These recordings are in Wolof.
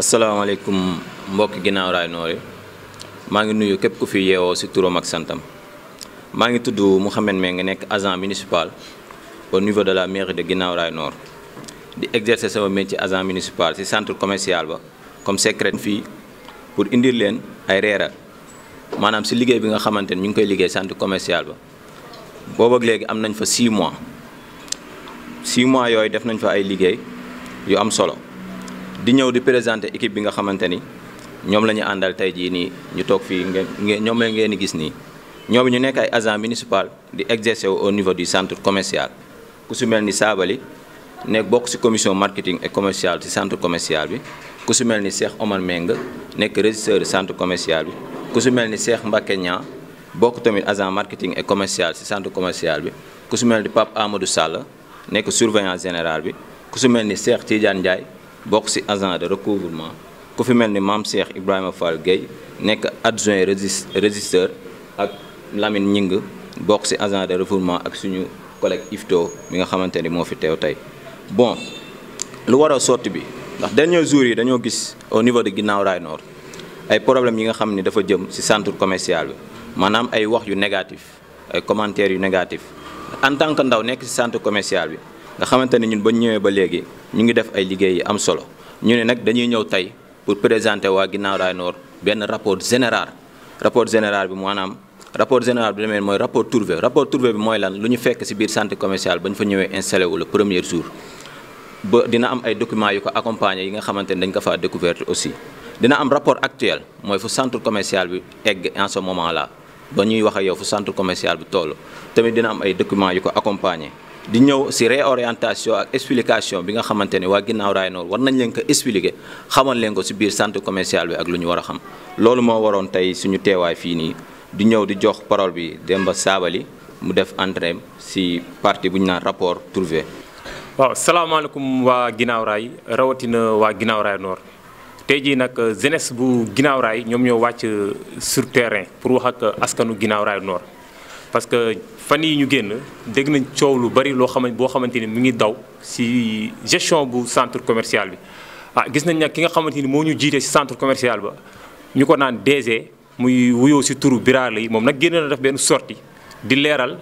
asalaamaaleykum mbokki ginnaaw raay noore maa ngi nuyu képp ku fi yeewoo ci turam ak santam maa ngi tudd Mouhamed ngi nekk agent municipal au niveau de la mairie de ginnaaw raay nord di exercer sama métier agent municipal ci centre commercial ba comme secrétaire fii pour indil leen ay reeral maanaam ci liggéey bi nga xamante ni ñu ngi koy liggéey centre commercial ba boobu ak léegi am nañ fa 6 mois 6 mois yooyu def nañ fa ay liggéey yu am solo di ñëw di présenter équipe bi nga xamante ni ñoom la ñu àndal tey jii nii ñu toog fii ngeen ñoom la ngeen gis nii ñoom ñu nekk ay agent municipal di exercer au niveau du centre commercial ku su mel ni Saabali nekk bokk si commission marketing et commercial si centre commercial bi ku su mel ni Cheikh Omar Meng nekk régisseur centre commercial bi ku su mel ni Cheikh Mbacké Niang bokk tamit agent marketing et commercial si centre commercial bi ku su mel ni Pape Amadou Sall nekk surveillant général bi ku su mel ni Cheikh Tidiane Ndiaye bokk ci agent de recouvrement ku fi melni mam Cheikh Ibrahima Fall gay nek adjoint régisseur ak Lamine Ñing bokk ci agent de recouvrement ak suñu collègue IFTO mi nga xamanteni mo fi tew tay bon lu war a bi ndax derniers jours yi dañoo gis au niveau de Guinaw ray Nord ay problème yi nga xamni dafa jëm ci centre commercial bi maanaam ay wax yu négatif ay commentaires yu négatif en tant que ndaw nek ci centre commercial bi nga xamante ne ñun ba ñëwee ba léegi ñu ngi def ay liggéey yi am solo ñu ne nag dañuy ñëw tey pour présenter waa Guinaw noor benn rapport général rapport général bi maanaam rapport général bi demee mooy rapport Tourvé rapport Tourvé bi mooy lan lu ñu fekk ci biir centre commercial ba ñu fa ñëwee installé wu le premier jour ba dina am ay documents yu ko accompagner yi nga xamante ne dañ ko faa découverte aussi dina am rapport actuel mooy fu centre commercial bi egg en ce moment là ba ñuy wax ak yow fu commercial bi toll tamit dina am ay documents yu ko accompagner di ñëw si réorientation ak explication bi nga xamante ni waa ginnaaw raay noor war nañ leen ko expliquer xamal leen ko si biir centre commercial bi ak lu ñu war a xam loolu moo waroon tey suñu teewaay fii nii di ñëw di jox parole bi Demba Saabali mu def entrée si partie bu ñu naan rapport trouvé. waaw salaamaaleykum waa ginnaaw raay rawatina waa ginnaaw raay noor tey jii nag jeunesse bu ginnaaw raay ñoom ñoo wàcc sur terrain pour wax ak askanu ginnaaw raay noor. parce que fani ñu génn dégg nañ coow lu bari loo xamante boo xamante ni mu ngi daw ci gestion bu centre commercial bi ah gis nañ nag ki nga xamante ni moo ñu jiite ci centre commercial ba ñu ko naan DG muy wuyoo ci turu Birara yi moom nag génn na def benn sortie di leeral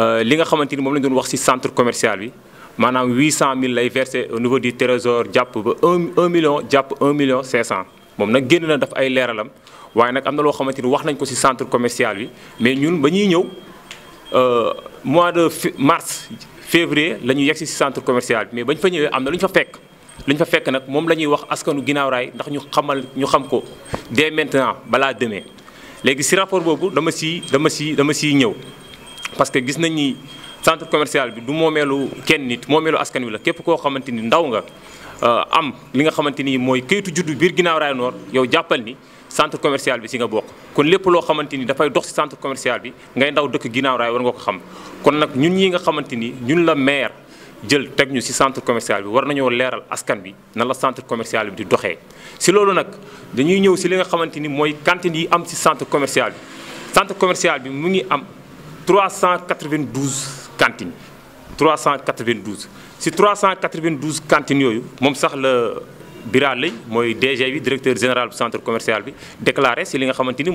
euh, li nga xamante ni moom lañ doon wax ci centre commercial bi maanaam 800000 lay versé au niveau du trésor jàpp ba 1 1 million jàpp 1 million 500 moom nag génn na def ay leeralam waaye nag am na loo xamante ni wax nañ ko ci centre commercial bi mais ñun ba ñuy ñëw euh, mois de mars février la ñuy yegg ci centre commercial bi mais bañ fa ñëwee am na lu ñu fa fekk. lu ñu fa fekk nag moom la ñuy wax askanu ginnaaw raay ndax ñu xamal ñu xam ko dès maintenant balaa demee léegi ci rapport boobu dama si dama si dama si ñëw parce que gis nañ ni centre commercial bi du moomeelu kenn nit moomeelu askan wi la képp koo xamante ni ndaw nga euh, am li nga xamante ni mooy kayitu juddu biir ginnaaw raay noor yow jàppal ni. centre commercial bi si nga bokk kon lépp loo xamante ni dafay dox si centre commercial bi ngay ndaw dëkk ginnaaw raay war nga ko xam kon nag ñun ñi nga xamante ni ñun la maire jël teg ñu si centre commercial bi war nañoo leeral askan bi na la centre commercial bi di doxee si loolu nag dañuy ñëw si li nga xamante ni mooy cantine yi am si centre commercial bi centre commercial bi mu ngi am 392 cantines 392 si 392 cantines yooyu moom sax la Bira moi DG directeur général du centre commercial bi déclaré si li nga xamante ni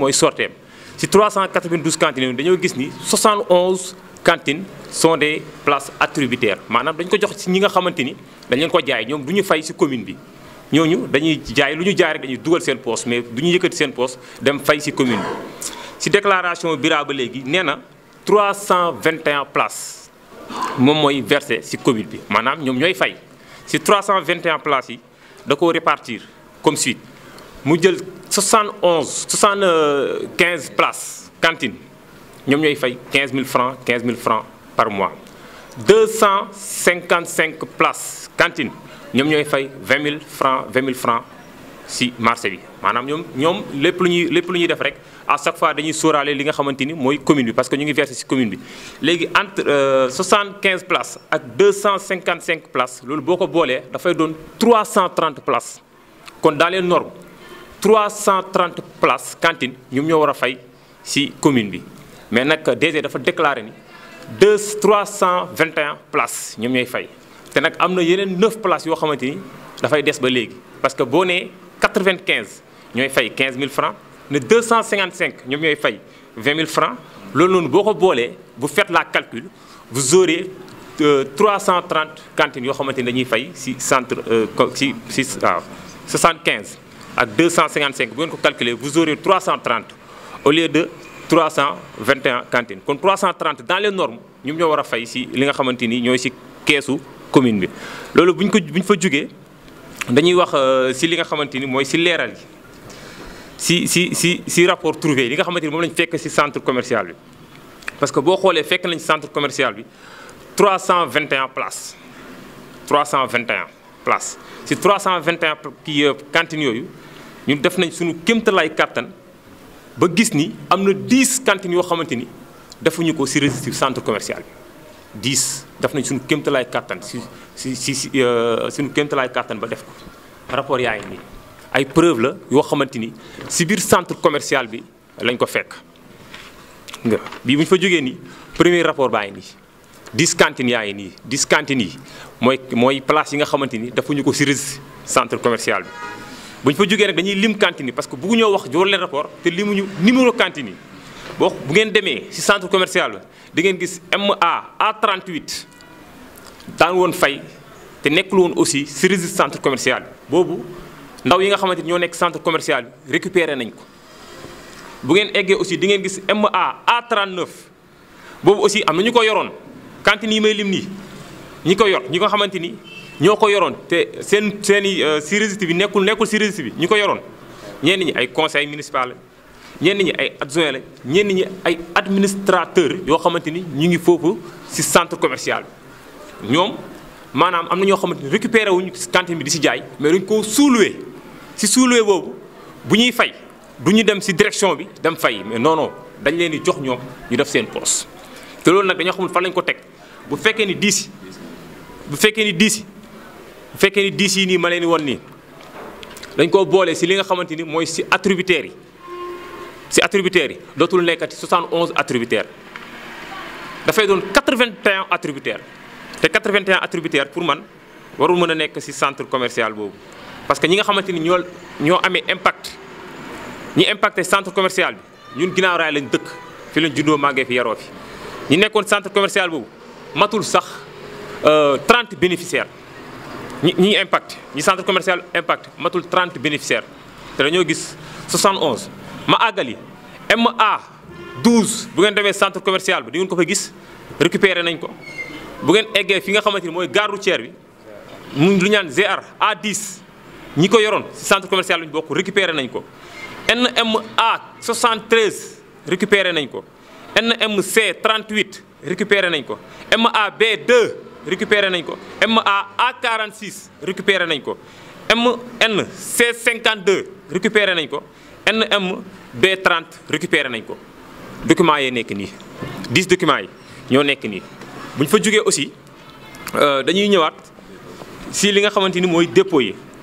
si 392 cantines dañoo gis 71 cantines sont des places attributaires Maintenant, dañ ko jox si ñi nga xamante ni dañ leen ko jaay ñoom du nous fay si commune bi ñooñu dañuy jaay lu ñu dañuy dugal seen poche mais nous ñu yëkkati seen dem fay si commune bi déclaration Bira ba léegi 321 places moom mooy versé si commune bi nous ñoom ñooy fay 321 places de koo répartir comme suite Nous avons 71 75 places cantine Nous avons 15 000 francs 000 francs par mois 255 places cantine avons fait 20 000 francs 000 francs si Marseille. Nous avons les plus lépp lu d'Afrique à chaque fois dañuy sóoraale li nga xamanteni moy commune bi parce que ñu ngi verser ci commune bi entre 75 euh, places ak 255 places nous boko fait da fay doon 330 places kon dans les normes 330 places cantine nous ñoo wara fay ci commune bi mais nag DG dafa déclaré ni 2 321 places Nous ñoy fay té nak amna 9 places yo xamanteni fait. fay des ba parce que avons fait 95 fait 15 000 francs ne 255 ñom ñoy fay 20 000 francs loolu noonu boo ko bu faites la calcul vous aurez 330 euh, cantines yo xamanteni dañuy fay ci centre euh, ci 75 ak 255 bu ko calculer vous aurez 330 au lieu de 321 cantines kon 330 dans les normes ñom ñoo wara fay ci li nga xamanteni ñoy ñooy ci keesu commune bi loolu buñ ko buñ fa jugee dañuy wax ci euh, li nga xamanteni moy ci si si si si rapport trouvé li nga xamanteni mom moom lañ fekk ci centre commercial bi parce que bo xolé fekk nañ centre commercial bi 321 places 321 places si 321 qui cantine yooyu ñun def nañ suñu kéemtalaay kàttan ba gis ni amna 10 cantine yo xamanteni ni defuñu ko si registre centre commercial bi 10 def nañ suñu kéemtalaay kàttan si si si suñu ba def ko rapport yaa ni ay preuve la yo xamanteni ci bir centre commercial bi lañ ko fekk nga bi buñ fa joggé ni premier rapport baay ni discantine yaay ni discantine ngi nii yi mooy mooy place yi nga xamanteni dafa ñu ko si centre commercial bi bu fa joggé nak dañuy lim cantine parce que bëggu ñoo wax jor le rapport te ñu numéro cantine bo bu ngeen démé ci centre commercial di ngeen gis MA A38 dan won fay te nekkul won aussi si centre commercial bobu ndaw yi nga xamanteni ni ñoo nekk centre commercial récupéré nañ ko bu ngeen eggee aussi di ngeen gis MA A39 boobu aussi am na ñu ko yoroon cantine yi may lim nii ñi ko yor ñi nga xamante ni ñoo ko yoroon te seen seen i euh, si registre bi nekkul nekkul si bi ñi ko yoroon ñenn ñi ay conseil municipal ñenn ñi ay adjoint la ñenn ñi ay administrateur yoo xamante ni ñu ngi foofu si centre commercial bi ñoom maanaam am na ñoo xamante ni récupéré wuñu cantine bi di si jaay mais dañ koo souloué si suulee vous vous, fay duñu dem ci direction bi dem mais non non dañ leen di jox ñom ñu def seen faire. nous xamul fa lañ ko bu ni bu ni bu ni ma leen dañ li attributaires attributaire dotul 71 81 attributaires té 81 attributaires pour man nekk centre commercial parce que ñi nga xamanteni ni ñoo ñoo amee impact ñi impacté centre commercial bi ñun ginaaw raay lañ dëkk fi lañ juddoo màggee fi yaroo fi ñi nekkoon centre commercial boobu matul sax 30 euh, bénéficiaires ñi ñi impact ñi centre commercial impact matul 30 bénéficiaires te dañoo gis 71 ma àggali MA 12 bu ngeen demee centre commercial bi di ngeen ko fa gis récupéré nañ ko bu ngeen eggee fi nga xamante ni mooy gare routière bi mu lu ñaan GR A10 Nico ko centre commercial lañu Boko, récupéré nañ NMA 73 récupéré nañ NMC 38 récupéré nañ ko MAB 2 récupéré nañ ko a 46 récupéré nañ ko MNC 52 récupéré nañ ko NMB 30 récupère nañ ko documents y 10 documents Il y, aussi euh, dañuy ñëwaat si li nga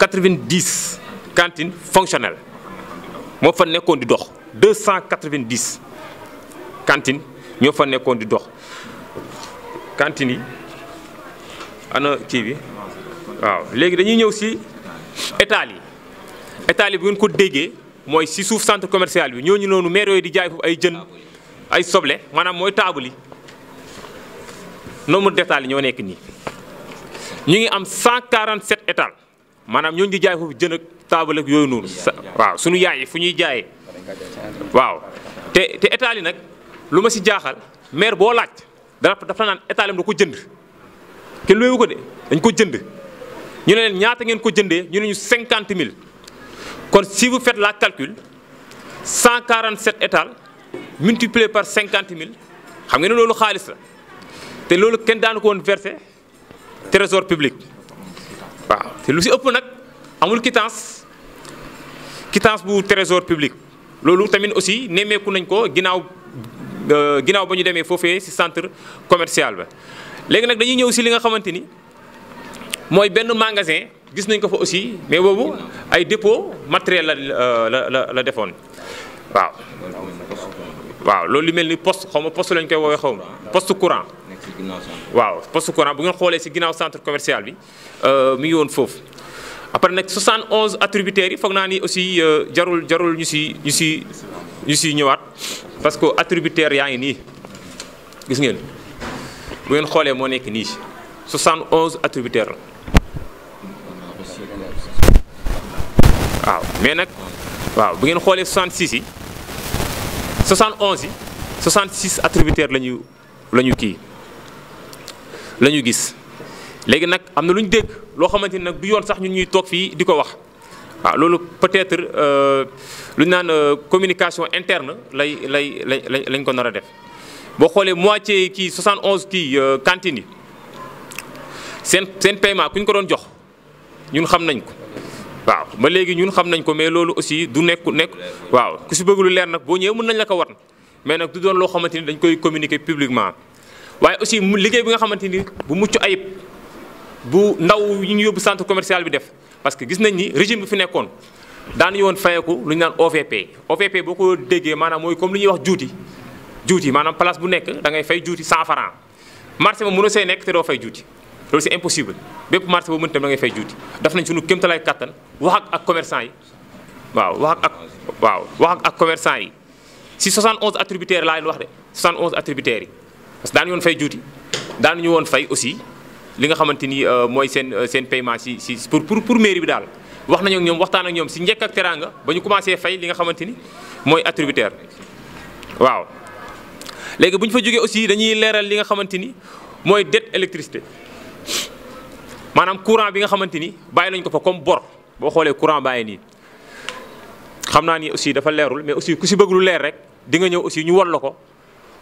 90 cantine cantines fonctionnelles Moi fa di dox cantines fa qu'on di dox cantines ana kii waaw centre commercial Nous, des noonu maire yooyu di jaay foofu ay des ay nombre des yi 147 étals maanaam ñooñu di jaay foofu jën ak taabal ak yooyu noonu. waaw suñu yaay yi fu ñuy jaayee. waaw te te état li nag lu ma si jaaxal maire boo laaj dafa dafa naan état lim da ko jënd kenn luyewu ko de dañ ko jënd ñu ne ñaata ngeen ko jëndee ñu ne cinquante mille kon si vous faites la calcul cent quarante sept étals multiplier par cinquante mille xam nga ne loolu xaalis la te loolu kenn daanu ko woon versé trésor public. te lu si ëpp nag amul quittance quittance bu trésor public loolu tamit aussi nemmeeku nañ ko ginnaaw euh, ginnaaw ba ñu demee foofee si centre commercial ba léegi nag dañuy ñëw si li nga xamante ni mooy benn magasin gis nañ ko fa aussi mais boobu ay dépôt matériel la euh, la la la defoon waaw waaw loolu li mel poste xaw ma poste lañ koy woowee xaw poste courant waaw que courant bu ngeen xoolee si ginnaaw centre commercial bi euh, mi ngi woon foofu. après 71 attributaires faut que nous aussi euh, jarul jarul ñu si ñu si ñu si ñëwaat parce que attributaire attributaires ngi là. gis ngeen bu ngeen xoolee moo nekk nii 71 attributaires. Wow, mais nak, waaw bu ngeen 66 71 66 attributaires. la ñu la la ñu gis léegi nag am na lu ñu dégg loo xamante ni nag du yoon sax ñun ñuy toog fii di ko wax waaw ah, loolu peut-être euh, lu ñu naan euh, communication interne lay lay lay lañ ko nar a def boo xoolee moitié kii 71 kii euh, cantines yi seen seen paiement ku ñu ko doon jox ñun xam nañ ko waaw ba léegi ñun xam nañ ko mais loolu aussi du nekk nekk waaw ku si bëgg lu leer nag boo ñëwee mën nañ la ko war mais nag du doon loo xamante ni dañ koy communiquer publiquement waye aussi mu bi nga xamanteni bu muccu ayib bu ndaw ñu yóbbu centre commercial bi def parce que gis nañ ni régime bi fi nekkoon daan woon fayeeku lu ñu naan OVP OVP boo ko déggee maanaam mooy comme li ñuy wax juuti juuti manam place bu nekk da ngay fay juuti 100 francs marché mo mënoo see nekk té do fay juuti c'est impossible bép marché bu mën da ngay fay juuti daf nañ suñu kéemtalaay katan wax ak ak commerçant yi waaw wax ak waaw wax ak ak commerçant yi si 71 attributaires laay wax dé 71 attributaire yi. parce que daan yoon fay juuti daanuñu woon fay aussi li nga xamante ni euh, mooy seen euh, seen paiement si pour pour pour mairie bi daal wax nañu ñoom waxtaan ak ñoom si njëkk ak teraanga ba ñu commencé fay li nga xamante ni mooy attributaire waaw. léegi bu fa jógee aussi dañuy leeral li nga xamante ni mooy dette électricité maanaam courant bi nga xamante ni bàyyi nañ ko fa comme bor boo xoolee courant bàyyi nii xam naa ni aussi dafa leerul mais aussi ku si bëgg leer rek di nga ñëw aussi ñu won la ko.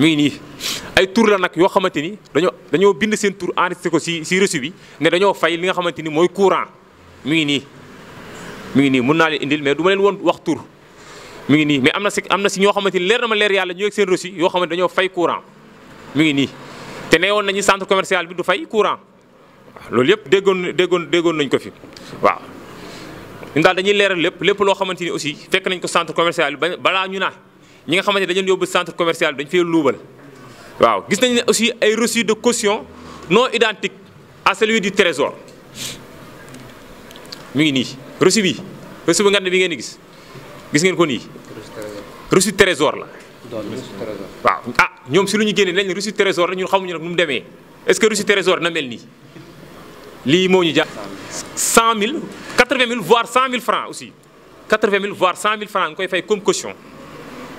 mi ngi nii ay tur la nag yoo xamante ni dañoo dañoo bind seen tur enregistré ko si si reçu bi ne dañoo fay li nga xamante ni mooy courant mi ngi nii. mi ngi nii mun naa leen indil mais du ma leen woon wax tur mi ngi nii mais am na si am na si ñoo xamante ni leer na ma leer yàlla ñu yegg seen reçu yoo xamante dañoo fay courant mi ngi nii. te neewoon nañu centre commercial bi du fay courant loolu yëpp déggoon déggoon déggoon nañ ko fi waaw. ñun daal dañuy leeral lépp lépp loo xamante ni aussi fekk nañ ko centre commercial bi balaa ñu naa ñi nga xamanteni ne dañu yobbu centre commercial dañu fay loubal waaw gis nañu ne aussi ay reçu de caution non identiques à celui du trésor mu ngi nii reçu bi reçu bi nga ne bi ngeen gis gis ngeen ko nii. reçu trésor la. waaw ah ñoom si lu ñu nañ reçu trésor la ñun xamuñu nag nu mu demee est-ce que reçu trésor na mel nii lii moo ñu 000, 100000 80000 voire 100000 francs aussi 000 voire 100 000 francs koy fay comme caution.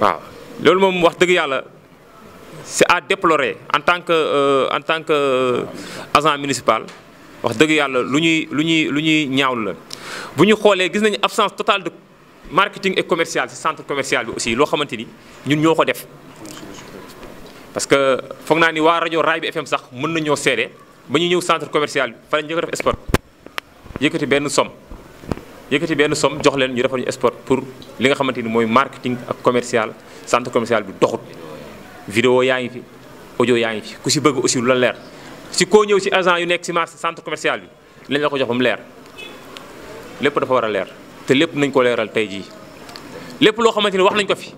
waaw loolu moom wax dëgg yàlla c'est à déplorer en tant que euh, en tant que euh, agent municipal wax dëgg yàlla lu ñuy lu ñuy lu ñuy ñaawlu la bu ñu gis nañu absence totale de marketing et commercial ce centre commercial bi aussi loo xamante ni ñun ñoo def parce que foog naa ni waa rajo Raay bi FM sax mën nañoo seede ba ñu centre commercial bi fa la ñu njëkk a def sport yëkkati benn somme yëkkati benn somme jox leen ñu defal ñu spot pour li nga xamante ni mooy marketing ak commercial centre commercial bi doxut. vidéo yaa ngi fi audio yaa ngi fi ku si bëgg aussi lu la leer si koo ñëw si agent yu nekk si marché centre commercial bi lañ ko jox mu leer lépp dafa war a leer te lépp nañ ko leeral tey jii lépp loo xamante ni wax nañ ko fi.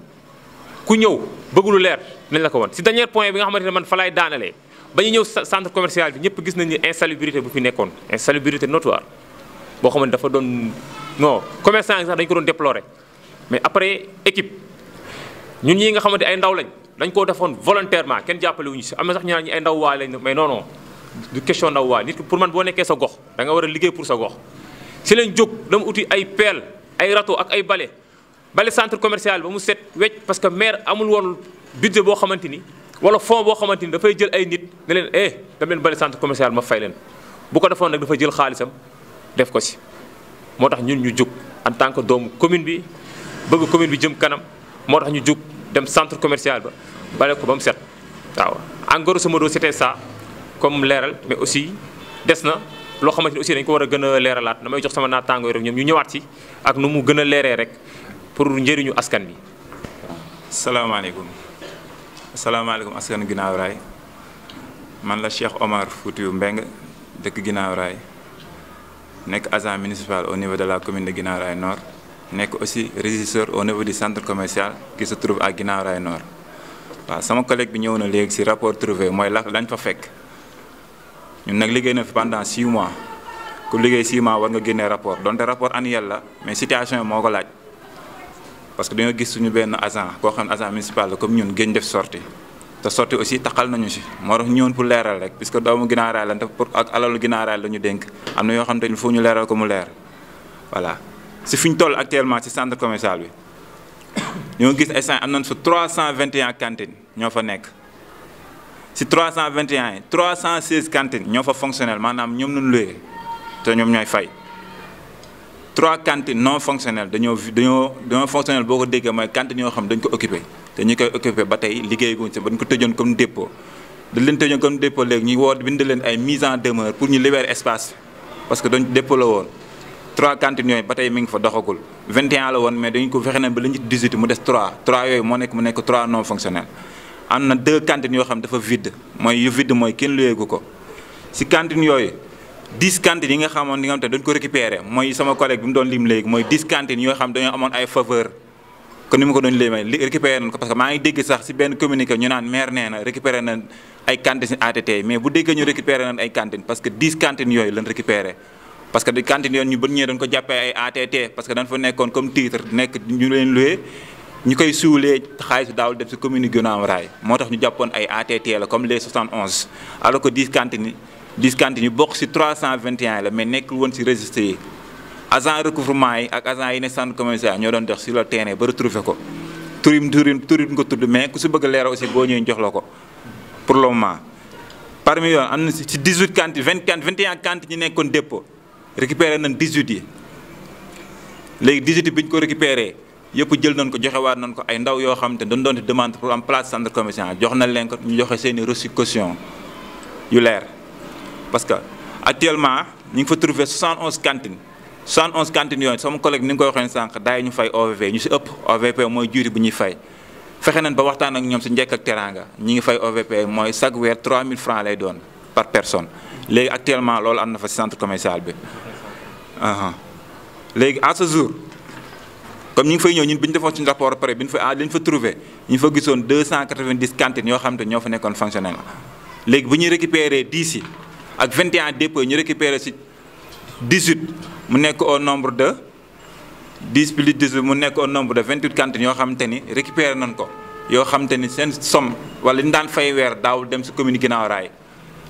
ku ñëw bëgg leer nañ la ko woon si dernier point bi nga xamante ne man fa laay daanalee ba ñu ñëw centre commercial bi ñëpp gis nañu insalubrité bu fi nekkoon insalubrité notoire boo xamante non commerçant yi sax dañu ko doon déplorer mais après équipe ñun ñi nga xamante ay ndaw lañ dañ koo defoon volontairement kenn jàppale wuñu si am na sax ñaar ñi ay ndaw waay lañ mais non non du question ndaw waay nit pour man boo nekkee sa gox danga nga war a liggéey pour sa gox si lañ jóg dama uti ay peel ay râteau ak ay bale bale centre commerciale ba mu set wecc parce que maire amul woon budget boo xamante ni wala fond boo xamante ni dafay jël ay nit ne leen eh bale centre commercial ma fay leen bu ko defoon nag dafa jël xaalisam def ko si motax ñun ñu juk en tant que dom commune bi bëgg commune bi jëm kanam motax ñu juk dem centre commercial ba balé ko bam set waaw en grosso modo c'était ça comme léral mais aussi desna lo xamanteni aussi dañ ko wara gëna leralat damay jox sama natango rek ñom ñu ñëwaat ci ak nu mu gëna léré rek pour njëriñu askan bi assalamu alaykum assalamu alaykum askan ginaaw ray man la cheikh omar foutiou mbeng dekk ginaaw ray nek agent municipal au niveau de la commune de Guinaraï Nord nek aussi régisseur au niveau du centre commercial qui se trouve à Guinaraï Nord waaw sama collègue bi ñëw na légui ci rapport trouvé moy la lañ fa fekk ñun nak liggéey pendant six mois ku liggéey 6 mois war nga un rapport donte rapport annuel la mais situation moko laaj parce que nous gis suñu ben agent ko xam agent municipal la comme ñun gën def sortie. te sotti aussi taxal nañu si moo tax ñëwoon pour leeral rek puisque doomu ginaaraay lan te pour ak alalu ginaaraay la ñu dénk am na yoo xam te il faut ñu leeral ko mu leer voilà si fi ñu toll actuellement si centre commercial bi ñoo gis ay am nañ fa 321 cantines ñoo fa nekk si 321 yi 316 cantines ñoo fa fonctionnel maanaam ñoom lañ luye te ñoom ñooy fay trois cantines non fonctionnelles dañoo dañoo dañoo fonctionnel boo ko déggee mooy cantines yoo xam dañ ko occupé te ñi koy occupé ba tey liggéeyaguñ si ba ñu ko tëjoon comme dépôt dañ leen tëjoon comme dépôt léegi ñi woo bind leen ay mise en demeure pour ñu libérer espace parce que dañ dépôt la woon trois cantines yooyu ba tey mi ngi fa doxagul 21 la woon mais dañ ko fexe ba la ñu 18 mu dess 3 3 yoy mo nekk mu nekk 3 non fonctionnel am na deux cantines yo xam dafa vide moy yu vide mooy kenn luyeegu ko ci cantines yoy 10 cantines yi nga xamoon ni nga xam dañ ko récupérer moy sama collègue bi mu doon lim léegi moy 10 cantines yo xam dañu amone ay faveur kon ni ma ko doon léemee li récupéré nañ ko parce que maa ngi dégg sax si benn communiqué ñu naan maire nee na na ay cantines ATT mais bu déggee ñu récupéré nañ ay cantines parce que 10 cantines yooyu lañ récupéré parce que di cantines yoon ñu bët ñee dañ ko jàppee ay nekkoon comme titre nekk ñu leen luwee ñu koy suulee xaalis bi daawul dem si commune Gunaw Rail moo tax ñu jàppoon ay ATT la comme les 71 alors que 10 cantines 10 cantines yu bokk si 321 la mais nekkul woon si registre yi agent recouvrement yi ak agent yi centre commercial ñoo doon dox sur le terrain ba retrouver ko turim turim turim ko tudd mais ku su bëgg leera aussi bo ñu jox lako pour le moment parmi yoon am na 18 cant 20 cant 21 cant ñi nekkoon dépôt récupéré nañ 18 yi légui 18 biñ ko récupéré yëpp jël nañ ko joxé waat nañ ko ay ndaw yo xamanté dañ doon demande pour am place centre commercial jox nañ leen ko ñu joxé seen i reçu caution yu leer parce que actuellement ñu ngi fa trouver 71 cantines 71 cantines yooyu sama collègue ni nga koy waxe sank daay ñu fay OVP ñu ci ëpp OVP moy juri bu ñuy fay fexé nañ ba waxtaan ak ñom si njëkk ak teraanga ñi ngi fay OVP moy chaque weer 3000 francs lay doon par personne légui actuellement lool amna fa centre commercial bi. légui à ce jour comme ñi ngi fay ñëw ñun buñ ñu defoon suñu rapport pare bi ñu fa ah li fa trouver ñu fa gisoon 290 cantines yo xam te ñoo fa nekkoon fonctionnel légui buñu récupérer 10 yi ak 21 dépôts ñu récupérer ci 18 mu au nombre de 10 plus 18 mu nek au nombre de 28 cantines yoo xamante récupérer récupéré nañ ko yo xamante sen somme wala li ñu fay weer daawul dem ci commune Guinaw Rail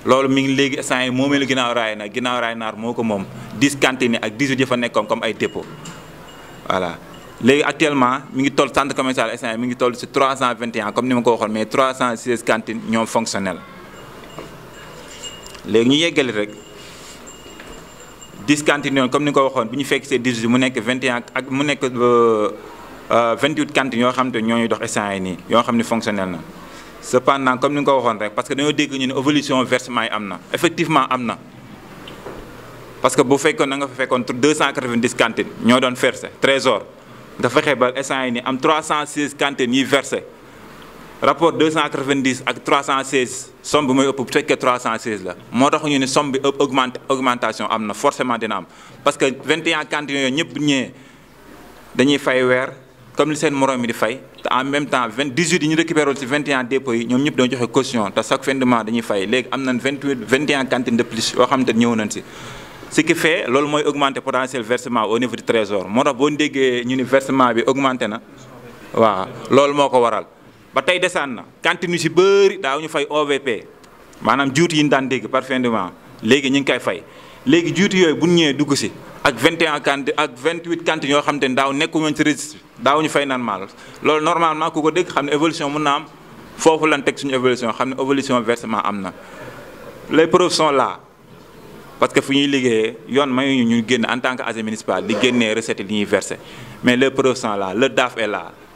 loolu mi ngi léegi instant yi moomeelu Guinaw Rail nag Guinaw Rail naar moo 10 cantines ak 18 yi fa nekkoon comme ay dépôt voilà léegi actuellement mi ngi toll centre commercial instant yi mi ngi toll ci 321 comme ni ma ko waxoon mais 316 cantines ñom fonctionnel léegi ñu yeggali rek discantine comme nous avons dit, waxoon bu fekk 18 mu 21 ak mu 28 euh, euh, cantines yoo xam te dox fonctionnel cependant comme nous avons dit, parce que nous avons ñu une évolution versement effectivement am parce que bu vous na nga 290 cantines nous doon versé trésor nga fexe ba instant yi nii am 316 cantines versé rapport 290 ak 316 somme bi mooy que 316 la Moi, tax ñu y somme bi augmente augmentation amna forcément dina am parce que 21 cantines yooyu ñëpp ñee dañuy fay comme li seen morom mi di fay te en même temps 28 18 yi récupéré 21 dépôts ñom ñoom ñëpp joxe caution te chaque fin de mois dañuy fay léegi amna 28 21 cantines de plus yoo xam te ñëw nañ ci ce qui fait lool moy augmenter potentiel versement au niveau du trésor mo tax bo ndégué ñu ni versement bi augmenter na waaw lool moko waral ba tey desaan na cantine si bëri ñu fay OVP manam juuti yi ndan deg parfaitement par ñing kay mois léegi ñu ngi koy fay léegi juuti yooyu bu ñu dugg ak 21 cantine ak 28 cantine yoo xam ndaw ne daaw ci registre daaw ñu fay naan maal normalement ku ko dégg xam ne évolution mun na am foofu lan tek suñu évolution xam évolution versement amna les preuves sont là parce que fu ñuy liggé yoon may ñu génn en tant que agent municipal di génnee recette li ñuy verser mais les preuves sont là le DAF est là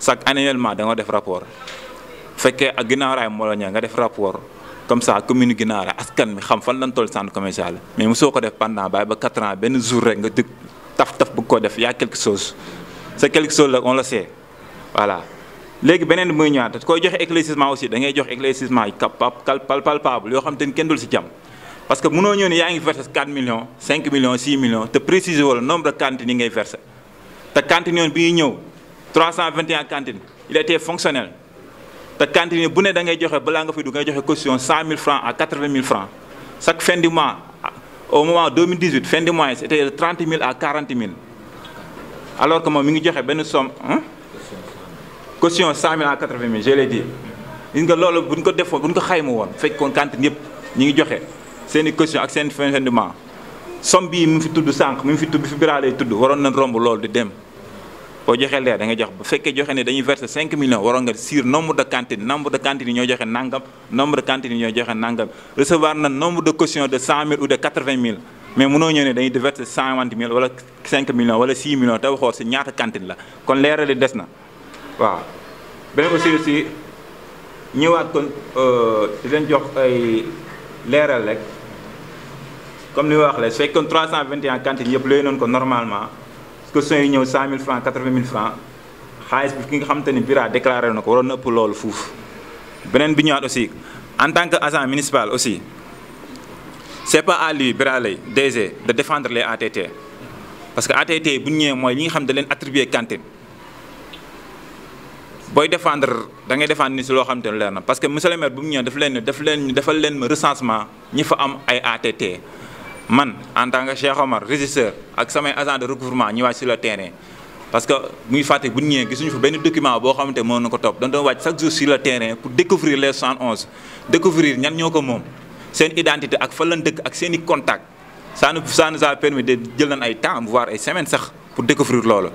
chaque annuellement da nga def rapport fekkee ak ginnaaw raay moo la ñëw nga def rapport comme ça commune ginnaaw raay askan mi xam fan lañ le centre commercial mais mosoo ko def pendant bàyyi ba 4 ans ben jour rek nga taf taf bëgg ko def y a quelque chose c'est quelque chose on le sait voilà. léegi benen bi muy tu te koy joxe éclaircissement aussi da ngay jox éclaircissement yi palpable yoo xam te ni kenn dul si jàmm parce que mënoo ñëw ne yaa ngi verser 4 millions 5 millions 6 millions te préciser le nombre de cantines yi ngay verser te cantine qui bi ñuy 321 cantines il était fonctionnel Ta cantine si tu da ngay joxe balaa caution 100 000 francs à 80 000 francs chaque fin du mois au moment 2018 fin du mois c'était de 30 000 à 40 000 alors que moi, je ngi joxe somme ah. caution 100 000 à 80 000 je l'ai dit. gis nga loolu bu ñu ko defoon bu ñu que xayma woon fekkoon cantine yëpp ñi ngi caution ak fin de mois somme bii mi fi tudd je mi fi tudd bi je biraa lay tudd waroon dem. boo joxee leer da nga jox bu fekkee joxe ne dañuy verser 5 millions waroon nga sur nombre de cantines nombre de cantines ñoo joxe nangam nombre de cantines ñoo joxe nangam recevoir na nombre de caution de 100000 ou de 80000 mais mënoo ñëw ne dañuy verser 150000 wala 5 millions wala 6 millions te waxoo si ñaata cantine la kon leerali des na waaw. beneen aussi aussi ñëwaat kon euh, di leen jox leeral rek comme li ma wax la su fekkoon yëpp looy noonu ko normalement. que son yu ñëw 100000 francs 80000 francs xaalis bi ki nga xamante ni Bira déclaré na ko waroon na ëpp loolu fuuf beneen bi ñëwaat aussi en tant que agent municipal aussi c'est pas à lui Bira Leye DG de défendre les ATT parce que ATT bu ñu ñëwee mooy li nga xam da leen attribuer cantine booy défendre da ngay défendre ni si loo xamante ne leer parce que monsieur le maire bu mu ñëwee daf leen daf leen defal leen ma recensement ñi fa am ay ATT man en tant que Cheikh Omar régisseur ak samay agent de recouvrement ñu sur le terrain parce que muy faté bu ñu ñëwee gisuñu fa benn document bo xamanté mo nako top dañ do wàcc chaque jour sur le terrain pour découvrir les 71 découvrir ñan ñoko mom moom seen identité ak fa lan dëkk ak seen contact ça nous ça nous a permis de jël nañ ay temps voire ay semaines sax pour découvrir loolu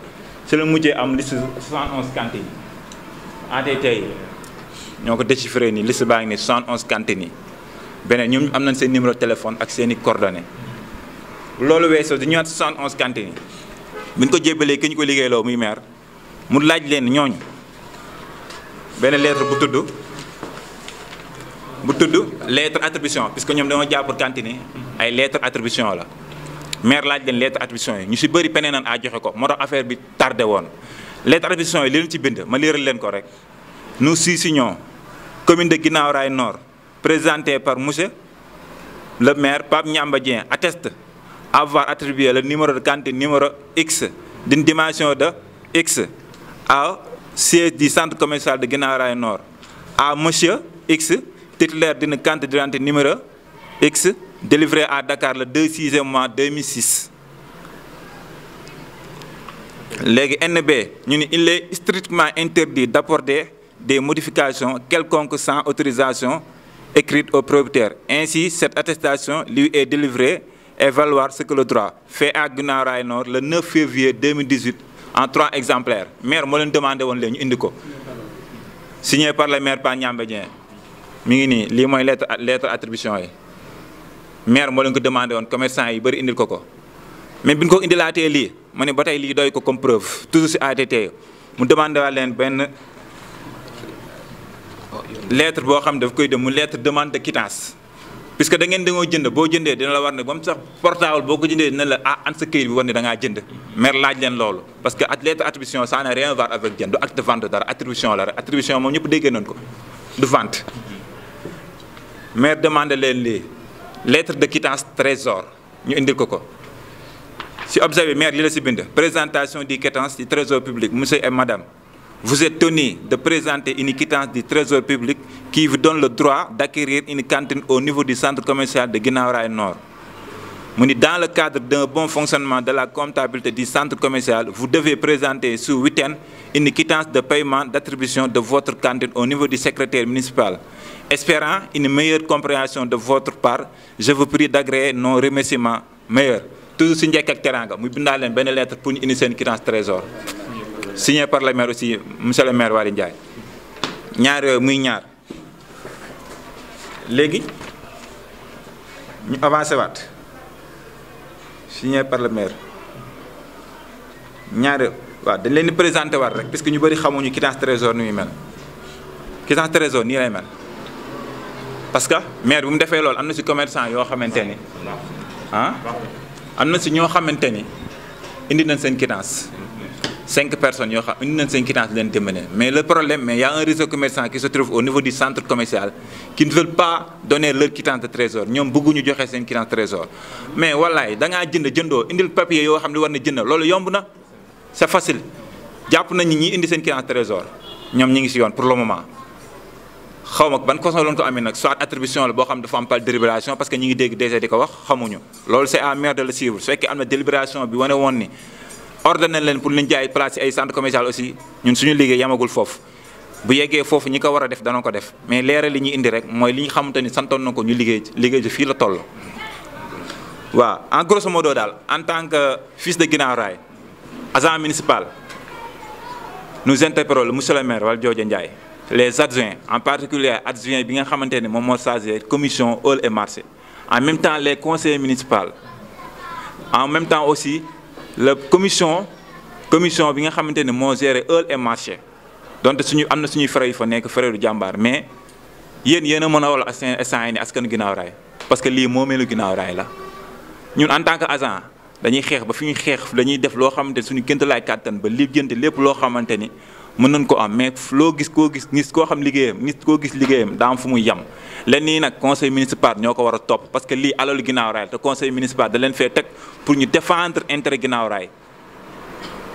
C'est le mujjee am liste 71 cantines yi ATT yi ñoo ko liste baa ni 71 cantines beneen ñoom am nañ seen numéro téléphone ak seeni i loolu weesoo di ñëwaat 71 cantines bi ñu ko jébbalee ki ñu ko liggéeyloo muy maire mu laaj leen ñooñu benn lettre bu tudd bu tudd lettre attribution puisque ñoom dañoo jàpp cantine ay lettre la maire laaj leen lettre attribution yi ñu si bëri penee nan a joxe ko moo tax affaire bi tardé woon lettre attribution yi leen ci bind ma liiral leen ko rek nous sii signons commune de Guinaw Rail noor présenté par monsieur le maire Pape Nyambadien atteste avoir attribué le numéro de cantine numéro X d'une dimension de X à siège du centre commercial de Guinaray Nord à monsieur X titulaire d'une cantine d'identité numéro X délivrée à Dakar le 2 6 mois 2006 les NB il est strictement interdit d'apporter des modifications quelconques sans autorisation écrite au propriétaire. Ainsi, cette attestation lui est délivrée et valoir ce que le droit. Fait à Gunaray Nord le 9 février 2018 en trois exemplaires. maire moo demande demandé woon leen signé par le maire Pa Mini, Dieng mi ngi lettre lettre attribution maire moo leen ko demandé woon commerçant yi veut indil ko ko. mais bi ñu ko indilaatee lii ma ne ba tey doy ko comme preuve toujours ceci a été. demandé demande leen benn lettre bo xamne daf koy dem mu lettre demande de quittance puisque da ngeen da ngoo jënd bo jëndé dina la war ne ba sax portable boko jëndé jëndee la ah an sa keuy bi war da nga jënd mer laaj leen loolu parce que at lettre attribution ça n'a rien à voir avec jënd acte de vente dara attribution la attribution mom ñep déggé nañ ko du vente maire demande leen li lettre de quittance trésor ñu indi ko ko si observer maire li la si bind présentation di quittance du trésor public monsieur et madame vous êtes tenu de présenter une quittance du trésor public qui vous donne le droit d'acquérir une cantine au niveau du centre commercial de et Nord. Dans le cadre d'un bon fonctionnement de la comptabilité du centre commercial, vous devez présenter sous huitaine une quittance de paiement d'attribution de votre cantine au niveau du secrétaire municipal. Espérant une meilleure compréhension de votre part, je vous prie d'agréer nos remerciements meilleurs. lettre pour une quittance trésor. signé par le maire aussi monsieur le maire Waly Ndiaye ñaar yooyu muy ñaar léegi ñu avancé waat signé par le maire ñaar waaw dañ leen di présenté waat rek que ñu bëri xamuñu quittance trésor ni muy mel quittance trésor nii lay mel parce que maire bu mu defee loolu am na si commerçant yoo xamante ni ah am na si ñoo xamante ni indi na seen quittance cinq personnes yoo xam indi nañ seen quittance leen démené mais le problème mais il y a un réseau commerçant qui se trouve au niveau du centre commercial qui ne veulent pas donner leur quittance de trésor ñoom bëgguñu joxe seen quittance trésor mais wallaay da ngaa jënd jëndoo indil papier yoo xam ne war na jënd loolu yomb na c'est facile jàpp nañ ñi indi seen quittance trésor ñoom ñi ngi si yoon pour le moment xaw ma ban façon loon ko amee nag soit attribution la boo xam dafa am pas délibération parce que ñi ngi dégg déjà di ko wax xamuñu loolu c'est à maire de le suivre su fekkee am délibération bi wane woon ni ordonné leen pour nañ jaay place ay centre commercial aussi ñun suñu liggéey yamagul fof bu yeggee fof ñi ko wara def dana ko def mais leeral li ñuy indi rek moy li ñu xamante ni santoon na ñu liggéey liggéey ji fii la toll. wa en grosso modo dal en tant que fils de Guinaw Ray agent municipal nous interpellons monsieur le maire Valdiodio Ndiaye les adjoints en particulier adjoint bi nga xamante ne moom commission hall et marché en même temps les conseillers municipaux en même temps aussi. la commission commission bi nga xamante ne moo géré heure et marché donte suñu am na suñuy frère yu fa nekk frère du jàmbaar mais yéen yéen a mën a wala instant yii nii askanu ginnaaw raay parce que lii moomeelu ginnaaw raay la ñun en tant que agent dañuy xeex ba fu ñu xeex dañuy def loo xamante ne suñu gënt laay kàttan ba li gënte lépp loo xamante ni mën nañ ko am mais flo gis ko gis nit ko xam liggéeyam nit ko gis liggéeyam da am fu muy yam leen nak conseil municipal ñoo ko war a parce que li alalu ginaaw raay te conseil municipal da leen fee tek pour ñu défendre intérêt ginaaw raay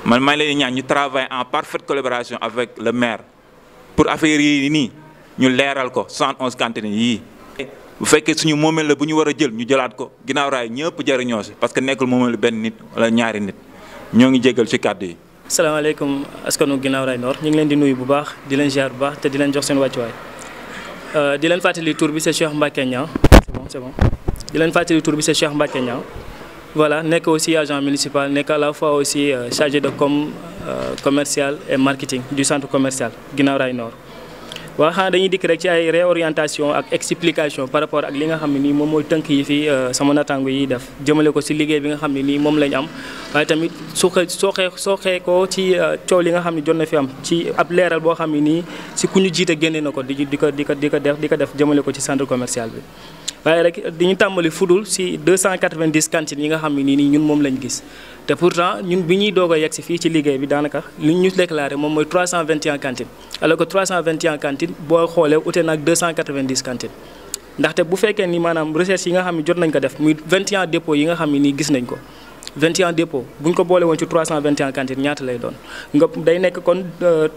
man maa lay ñaan ñu travaille en parfaite collaboration avec le maire pour affaire yi ni ñu léral ko 71 cantine yi bu fekkee suñu momel la bu ñu jël ñu jëlat ko ginaaw raay ñëpp jëriñoo si parce que nekul momel ben nit wala ñaari nit ñoo ngi jégal ci cadre yi. Salam askanu ginnaaw raay ray nord ngi leen di nuyu bu baax di leen ziar bu baax te di leen jox seen wàccuwaay euh, di leen fàttali tour bi c'est Cheikh Mbacké Niang c'est bon c'est bon di leen fàttali tour bi c'est Cheikh Mbacké Niang voilà nekk aussi agent municipal nekk à la fois aussi euh, chargé de com euh, commercial et marketing du centre commercial ginnaaw ray nord. waaw xanaa dañuy dikk rek ci ay réorientation ak explication par rapport ak li nga xam ne nii moom mooy tënk yi fi euh, sama natango yi def jëmale ko si liggéey bi nga xam ne nii moom lañ am waaye tamit su sooxee sooxee ko ci euh, coow li nga xam ne jot na fi am ci ab leeral boo xam ne nii si ku ñu jiite génne na ko di di ko di ko di ko def di ko def jëmale ko ci centre commercial bi waaye rek di ñu tàmbali fudul si 290 cantines yi nga xam ne nii nii ñun moom lañu gis te pourtant ñun bi ñuy doog a yegg fii ci liggéey bi daanaka li ñu déclaré moom mooy 321 cantines alors que 321 cantines boo xoolee ute nag 290 cantines ndaxte bu fekkee ni maanaam recherche yi nga xam ne jot nañ ko def muy 21 dépôts yi nga xam ne nii gis nañ ko 21 dépôts bu ñu ko boole woon ci 321 cantines ñaata lay doon nga day nekk kon 311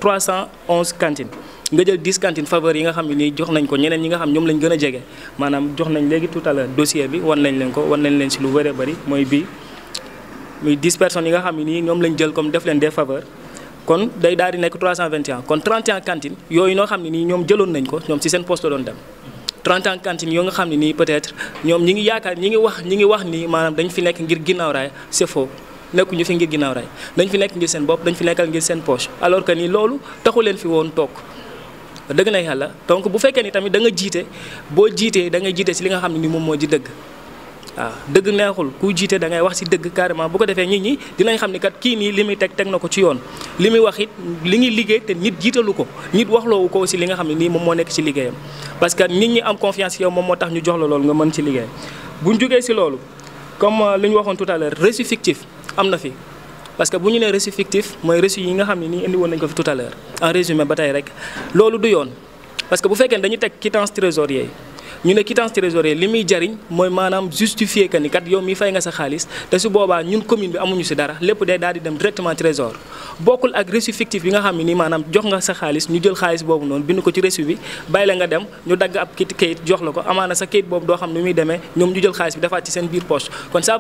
euh, cantines nga jël discount in faveur yi nga xam ni jox nañ ko ñeneen yi nga xam ñom lañ gëna a manam jox nañ légui tout à l'heure dossier bi won nañ leen ko won nañ leen ci lu wéré bari moy bi muy 10 personnes yi nga xam ni ñom lañ jël comme def leen des faveurs kon day daari nek nekk 321 kon 31 cantine yoy no xam ni ñom jëlon nañ ko ñom ci seen poste doon dem 30 ans cantine yo nga xam ni peut-être ñom ñi ngi yaakaar ñi ngi wax ñi ngi wax ni manam dañ fi nek ngir ginnaaw raay c'est faux nekku ñu fi ngir ginnaaw raay dañ fi nek ngir seen bop dañ fi nekkal ngir seen poche alors que ni lolu taxu leen fi won tok deug na yalla donc bu fekkee ni tamit da nga jité bo jité da nga jité ci li nga xamni ni mom mo ji deug ah deug neexul ku jité da ngay wax ci deug carrément bu ko defee nit ñi dinañ xamni kat ki ni limi tek tek nako ci yoon limi waxit li ngi liggé té nit jiitalu ko nit waxloowu ko ci li nga xamni ni mom mo nekk ci liggéeyam parce que nit ñi am confiance yow mom mo tax ñu jox la lool nga mën ci liggéey buñ jógee ci lool comme euh, liñ waxon tout à l'heure récit fictif am fi parce que bu ñu nee reçu fictif mooy reçu yi nga xam ne nii indi woon ko fi tout en résumé ba tey rek loolu du yoon parce que bu fekkee ne dañu teg quittance trésorier ñu ne quittance trésorier li muy jariñ mooy maanaam justifier que ni kat yow mi fay nga sa xaalis te su boobaa ñun commune bi amuñu si dara lépp day daal di dem directement trésor bokkul ak reçu fictif bi nga xam ne nii maanaam jox nga sa xaalis ñu jël xaalis boobu noonu bind ko ci reçu bi bàyyi la nga dem ñu dagg ab kit kayit jox la ko amaana sa kayit boobu doo xam ne muy demee ñoom ñu jël xaalis bi defaat ci seen biir poche kon ça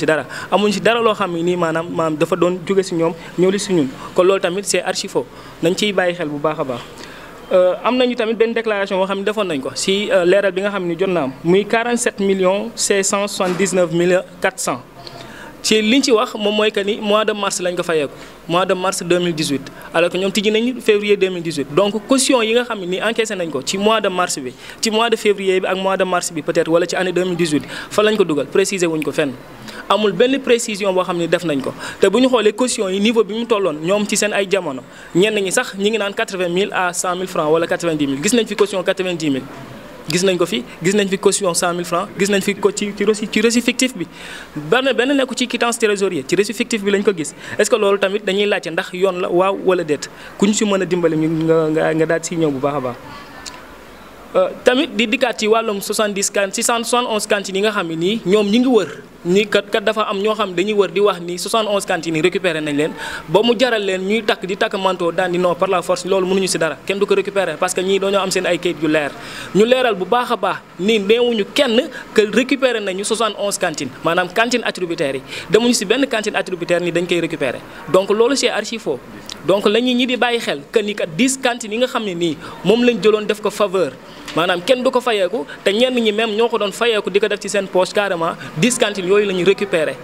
si dara amuñu si dara loo nii maanaam maanaam dafa doon jóge si ñoom ñëw li si ñun kon loolu tamit c'est archi bàyyi xel bu baax baax Euh, amnañu tamit benn déclaration boo xam ne defoon nañ ko si euh, leeral bi nga xam ne jot am muy 47 millions 400. ci li ci wax moom mooy que ni mois de mars lañ ko fayeeku mois de mars 2018 alors que ñoom tijji nañ février 2018 donc caution yi nga xam ne ni encaissé nañ ko ci mois de mars bi ci mois de février bi ak mois de mars bi peut-être wala ci année 2018 fa lañ ko dugal préciser wuñ ko fenn amul benn précision boo xam def nañ ko te bu ñu xoolee caution yi niveau bi mu tolloon ñoom ci seen ay jamono ñenn ñi sax gis nañ ko fi gis nañ fi caution 100000 francs gis nañ fi ko ci ci reçu ci reçu fictif bi benn nekku ci quittance trésorier ci reçu fictif bi lañ ko gis est-ce que loolu tamit dañuy laajte ndax yoon la waaw wala déet ku ñu si mën a dimbale ñu nga nga daal si ñëw bu baax a baax. Euh, tamit di dikkaat ci wàllum 70 cantines 671 cantines yi nga xam ne nii ñoom ñi ngi wër. ni kat kat dafa am ño xam dañuy wër di wax ni 71 cantine yi récupéré nañ leen ba mu jaral leen ñuy tak di tak manto dal di non par la force lolu mënuñu ci dara kenn du ko récupérer parce que ñi dañoo am seen ay kayit yu lèr ñu léral bu baaxa baax ni néwuñu kenn que récupéré nañu 71 cantine manam cantine attributaire yi demuñu si benn cantine attributaire ni dañ koy récupérer donc lolu c'est archi donc la ñi di bàyyi xel que ni kat 10 cantine yi nga xam ni nii lañ jëlone def ko faveur manam kenn du ko fayeku te ñen ñi même ñoko don fayeku diko def ci seen poche carrément 10 cantine yooyu lañu récupérer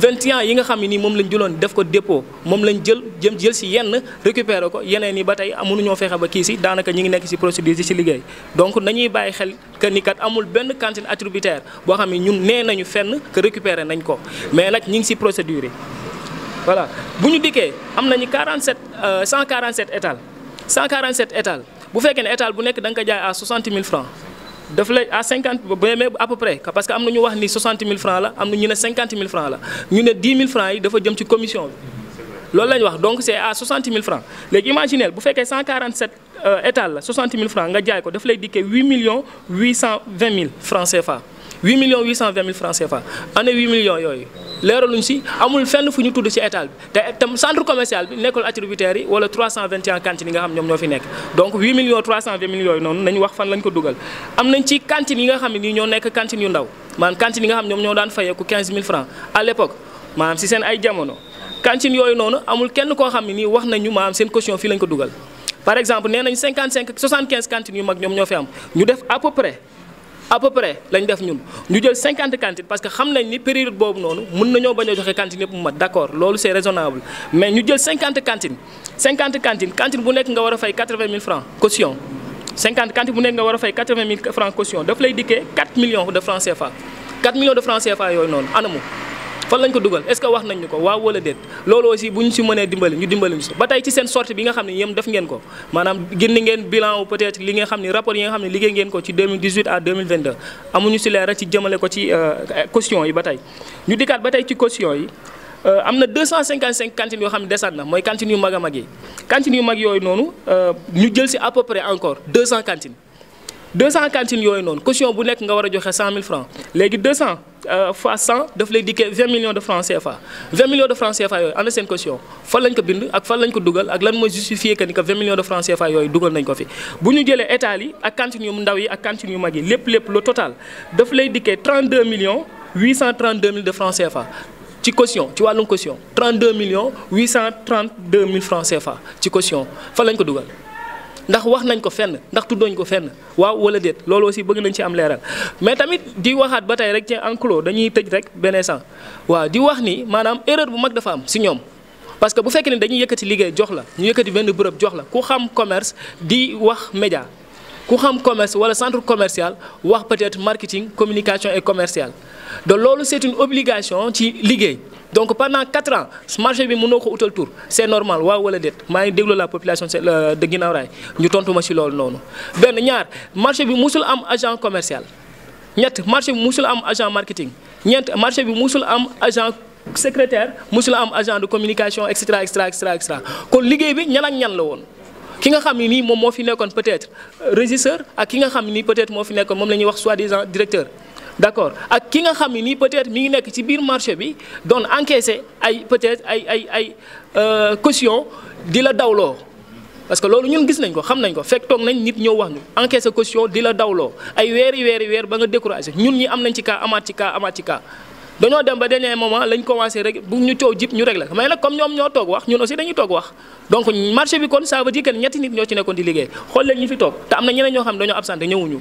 récupéré ans yi nga xamni ne nii moom lañ def ko dépôt mom lañu jël jëm jël ci yenn récupérer ko yeneen yi ba tey mënuñoo fexe ba kii si daanaka ñi ngi nekk ci procédure ci si liggéey donc nañuy bàyyi xel que ni kat amul benn cantine attributaire bo xamni ñun né nañu fenn que récupérer nañ ko mais nak ñi ngi ci procédure voilà bu ñu dikkee am nañu 47 147 étal 147 étal bu fekkee étal bu nekk da nga jaay à 60000 francs il à à peu près parce que nous 60 000 francs la am 50 000 francs nous faut 10 000 francs faut dafa jëm ci commission donc c'est à 60 000 francs imaginez vous faites 147 états, 60 000 francs vous avez 8 820 000 francs CFA 8 millions 820 000 francs CFA est 8 millions L'heure leeraluñ nous amul fenn nous centre commercial bi attributaire 321 cantines donc 8 millions 320 mille francs Nous fait wax fan lañ ko temps. am nañ ci cantines de nga xam ne ñoo cantines Nous 15 mille francs à l'époque si ay jamono cantines amul kenn fait xam ne caution par exemple nous nañ 55 75 cantines yu mag nous ñoo à peu près à peu près lañ def ñun ñu jël 50 cantines parce que xam nañ ni période bobu nous mën nañoo bañ a joxe cantine yëpp c'est raisonnable mais nous jël 50 cantines 50 cantines cantine bu nek nga fay 80 000 francs caution 50 cantines bu nek nga wara fay 80 000 francs caution daf lay diké 4 millions de francs CFA 4 millions de francs CFA yoy non fan lañ ko dugal est-ce que wax nañ ñu ko waaw wala déet loolu aussi bu ñu si mënee dimbali ñu dimbali ñu si ba tey ci seen sortie bi nga xam ne yéen def ngeen ko maanaam génn ngeen bilan wu peut-être li nga xam ne rapport yi nga xam ne liggéey ngeen ko ci 2018 à 2022 amuñu ci jëmale ko ci euh, caution yi ba tey ñu dikkaat ba tey ci caution yi euh, am na 255 cantines yoo xam ne desaat na mooy cantines yu mag a mag yi cantines yu mag yooyu noonu euh, ñu jël si à peu près encore 200 cantines 200 cantines yooyu noonu caution bu nek nga wara a joxe 100000 francs léegi 200 euh, fois 100 daf lay diké 20 millions de francs CFA 20 millions de francs CFA yooyu ana sen caution fa lañ ko bind ak fa lañ ko dugal ak lan moy justifier que ni 20 millions de francs CFA yoy dugal nañ ko fi buñu jëlé jëlee yi ak cantines yu ndaw yi ak cantines yu magi lepp lepp le total daf lay diké 32 millions 832 000 de francs CFA. ci caution ci wàllum caution 32 millions 832 000 francs CFA ci caution fa lañ ko dugal ndax wax nañ ko fenn ndax ko fenn waaw wala aussi nañ ci am mais tamit di waxaat rek ci enclos dañuy rek waaw di wax ni erreur bu mag dafa si parce que bu commerce di wax commerce centre commercial wax peut-être marketing communication et commercial de loolu c'est une obligation ci donc pendant quatre ans marché bi mënoo ko utal tur c'est normal waaw wala déet maa ngi déglu la population c'est euh, de Guinaw Rail ñu tontu ma ci loolu noonu benn ñaar marché bi musul am agent commercial ñett marché bi musul am agent marketing ñeent marché bi musul am agent secrétaire musul am agent de communication etc. etc. etc. cetera et cetera et cetera kon liggéey bi ñan ak ñan la woon. ki nga xam ne nii moom fi nekkoon peut-être régisseur ak ki nga xam ne peut-être moo fi nekkoon moom la ñuy wax soi-disant directeur d'accord ak ki nga xam ne peut-être mi ngi nekk ci biir marché bi doon encaisser ay peut-être ay ay ay euh, caution di la dawloo parce que loolu ñun gis nañ ko xam nañ ko fekk toog nañ nit ñëw wax ñu encaisser caution di la dawloo ay weeri weeri weer ba nga découragé ñun ñi am nañ ci cas amaat ci cas amaat ci cas dañoo dem ba dernier moment lañ commencé rek bu ñu coow jib ñu réglé mais nag comme ñoom ñoo toog wax ñun aussi dañuy toog wax donc marché bi kon ça veut dire que ñetti nit ñoo ci nekkoon di liggéey xool leen ñu fi toog te am na ñeneen ñoo xam ne dañoo absenté ñëwuñu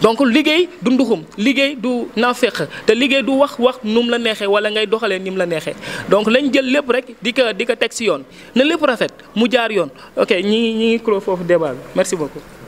donc liguey du ndukhum liguey du naaféq te liguey du wax wax num la nexé wala ngay doxale nim la nexé donc lañ jël lepp rek di ko tek ko si yoon na lepp rafet mu jaar yoon ok ñi ñi ngi kuroo débat merci beaucoup